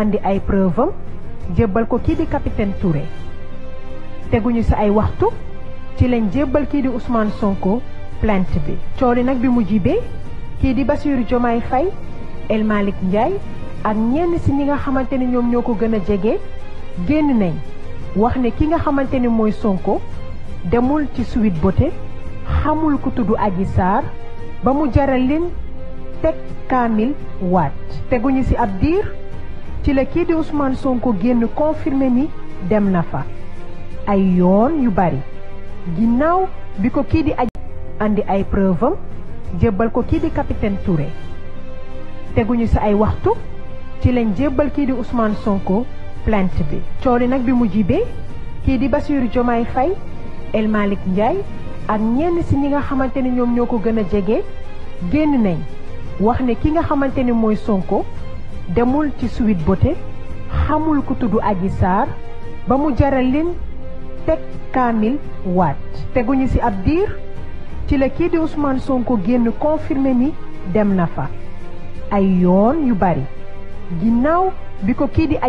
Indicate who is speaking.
Speaker 1: andi ay preuve am ko kii di capitaine Touré teguñu si ay waxtu ci lañ jébbal Songko, di Ousmane Sonko plainte bi coow li nag bi mu di El Malik Ndiaye ak ñenn si ñi nga nyom nyoko ñoom ñoo ko wahne a jege génn nañ wax ne ki nga xamante ne Sonko demul ci Sweet Beauté xamul ku tudd Adji Sarr ba mu jaral teguñu si Abdir. ci la kii di Ousmane Sonko génn confirmé ni dem na fa ay yoon yu bari ginnaaw bi ko kii di aj andi ay preuve am jébbal ko kii di capitaine Touré teguñu si ay waxtu ci lañ jébbal kii di Ousmane Sonko plainte bi coow nag bi mu jibee kii di Bassirou Diomaye Faye El Malick ak ñenn si ñi nga xamante ni ñoom ñoo ko gën a jege génn nañ wax ne ki nga xamante ni mooy Sonko demul ci Sweet Beauté xamul ku tudd Adji Sarr ba mu jaral lin teg kaamil waat teguñu ci ab diir ci la kii di Ousmane Sonko génn confirmé ni dem na fa ay yoon yu bari ginnaaw bi ko kii di